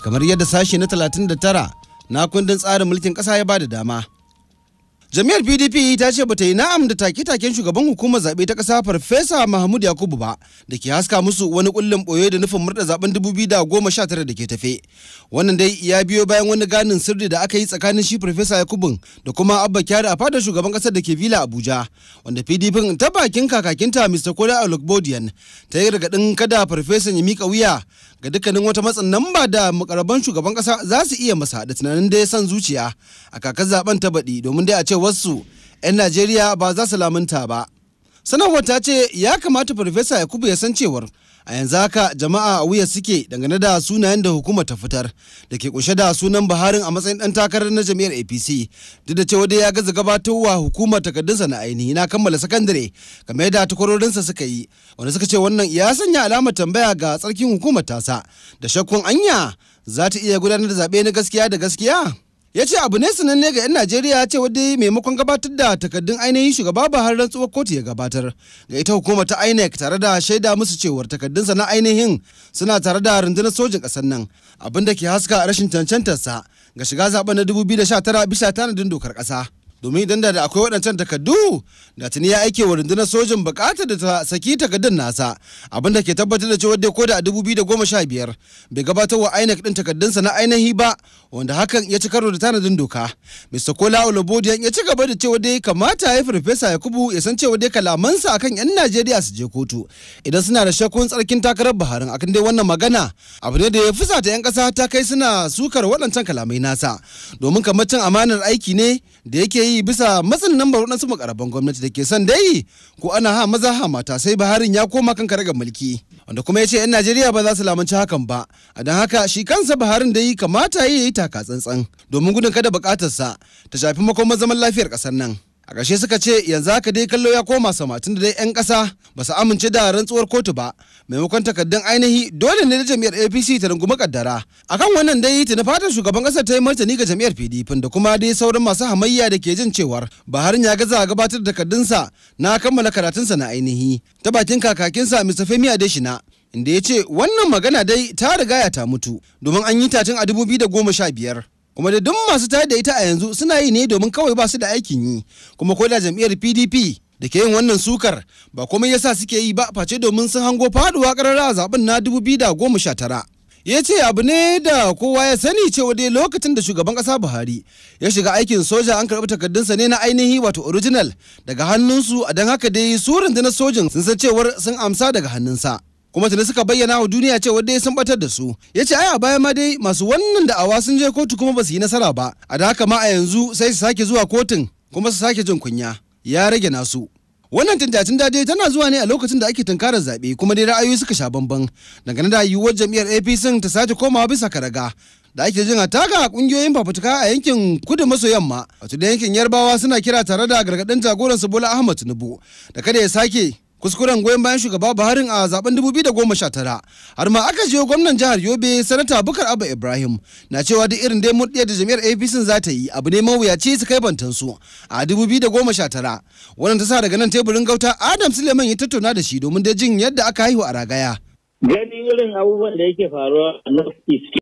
kamar yadda sashe na 39 na kundin tsarin mulkin kasa ya bada dama. Jami'ar PDP ta ce bata yi na'am da take-taken shugaban hukumar zaɓe ta ƙasa Farfesa Mahmud Yakubu ba da ke haska musu wani ƙullin ɓoye da nufin murɗa zaɓen 2019 da ke tafe. Wannan dai ya biyo bayan wani ganin sirri da aka yi tsakanin shi Farfesa Yakubu da kuma Abba Kyari a fadar shugaban ƙasar da ke Vila Abuja wanda PDP ta bakin kakakinta Mr. Kola Olugbodiyan ta yi gargaɗin kada Farfesan ya miƙa wuya ga dukkanin wata matsin nan ba da makarabar shugaban kasa za su iya masa da tunanin da ya san zuciya a kakar zaben ta baɗi domin dai a ce wasu 'yan najeriya ba za su lamunta ba sanarwar ta ce ya kamata farfesa yakubu ya san cewar a yanzu haka jama'a a wuya suke dangane da sunayen da hukumar ta fitar da ke kunshe da sunan buharin a matsayin dan takarar na jami'ar apc duk da cewa dai ya gaza gabatarwa hukumar takardunsa na ainihi na kammala sakandare kamar yadda takwarorinsa suka yi wanda suka ce wannan ya sanya alamar tambaya ga tsarkin hukumar tasa da shakkun anya za ta iya gudanar da zaɓe na gaskiya da gaskiya ya ce abu ne sananne ga 'yan najeriya ce wadda maimakon gabatar da takardun ainihin shugaba ba har rantsuwar kotu ya gabatar ga ita hukumar ta inec tare da shaida musu cewar takardunsa na ainihin suna tare da rundunar sojin ƙasar nan abin da ke haska rashin cancantarsa ga shiga zaben na 2019 bisa tanadin dokar ƙasa domin idan da akwai waɗancan takardu da tuni ya aike wa rundunar sojin bukatar da ta saki takardun nasa abin da ke tabbatar da cewa dai koda a 2015 bai gabatar wa INEC din takardunsa na ainihi ba wanda hakan ya ci karo da tanadin doka Mr. Kola Olobodiyan ya ci gaba da cewa dai kamata ya farfesa Yakubu ya san cewa dai kalamansa akan yan Najeriya su je kotu idan suna da shakkun tsarkin takarar Buhari akan dai wannan magana abu ne da ya fusata yan kasa ta kai suna sukar waɗancan kalamai nasa domin kamar cin amanar aiki ne da yake yi yi bisa matsin nan baro makarabban gwamnati da ke son dai ko ana ha maza ha mata sai baharin ya koma kan karagar mulki wanda kuma ya ce 'yan Najeriya ba za su lamunci hakan ba a haka shi kansa baharin dai kamata ya yi taka tsantsan domin gudun kada bukatarsa ta shafi makon zaman lafiyar ƙasar nan. a ƙarshe suka ce yanzu haka dai kallo ya koma sama tun da dai 'yan ƙasa ba su amince da rantsuwar kotu ba maimakon takaddun ainihi dole ne da jam'iyyar apc ta rungumi kaddara akan wannan dai na fatan shugaban ƙasar ta yi martani ga jam'iyyar pdp da kuma dai sauran masu hamayya da ke jin cewar harin ya gaza gabatar da takaddunsa na kammala karatunsa na ainihi ta bakin kakakinsa mr femi adeshina inda ya ce wannan magana dai ta riga ya ta mutu domin an yi a da goma a biyar. kuma da duk masu tare da ita a yanzu suna yi ne domin kawai ba su da aikin yi kuma ko da jam'iyyar pdp da ke yin wannan sukar ba komai yasa suke yi ba face domin sun hango faduwa karara a zaben na 2019 ya ce abu ne da kowa ya sani cewa dai lokacin da shugaban kasa buhari ya shiga aikin soja an karɓi sa ne na ainihi wato original daga hannunsu a don haka dai su rundunar sojin sun san cewar sun amsa daga hannunsa kuma tuni suka bayyana wa duniya cewa dai sun batar da su ya ce ai a baya ma dai masu wannan da'awa sun je kotu kuma ba su yi nasara ba a da haka ma a yanzu sai su sake zuwa kotun kuma su sake jin kunya ya rage nasu wannan Tintacin Daje tana zuwa ne a lokacin da ake tunkarar zaɓe kuma dai ra'ayoyi suka sha bamban dangane da yiwuwar jam'iyyar apc ta sake komawa bisa karaga da ake jin taka kungiyoyin fafutuka a yankin kudu maso yamma wato da yankin yarbawa suna kira tare da gargadin jagoran su bola ahmad tinubu da kada ya sake kuskuren goyon bayan shugaba buhari a zaben tara, har ma aka jiyo gwamnan jihar yobe sanata bukar abba ibrahim na cewa duk irin dai murɗiyar da jami'ar apc za ta yi abu ne mawuyaci su kai bantan su, a sha tara. wannan ta sa daga nan teburin gauta adam suleiman ya tattauna da shi domin da jin yadda aka haihu a ragaya gani irin abubuwan da yake faruwa a north east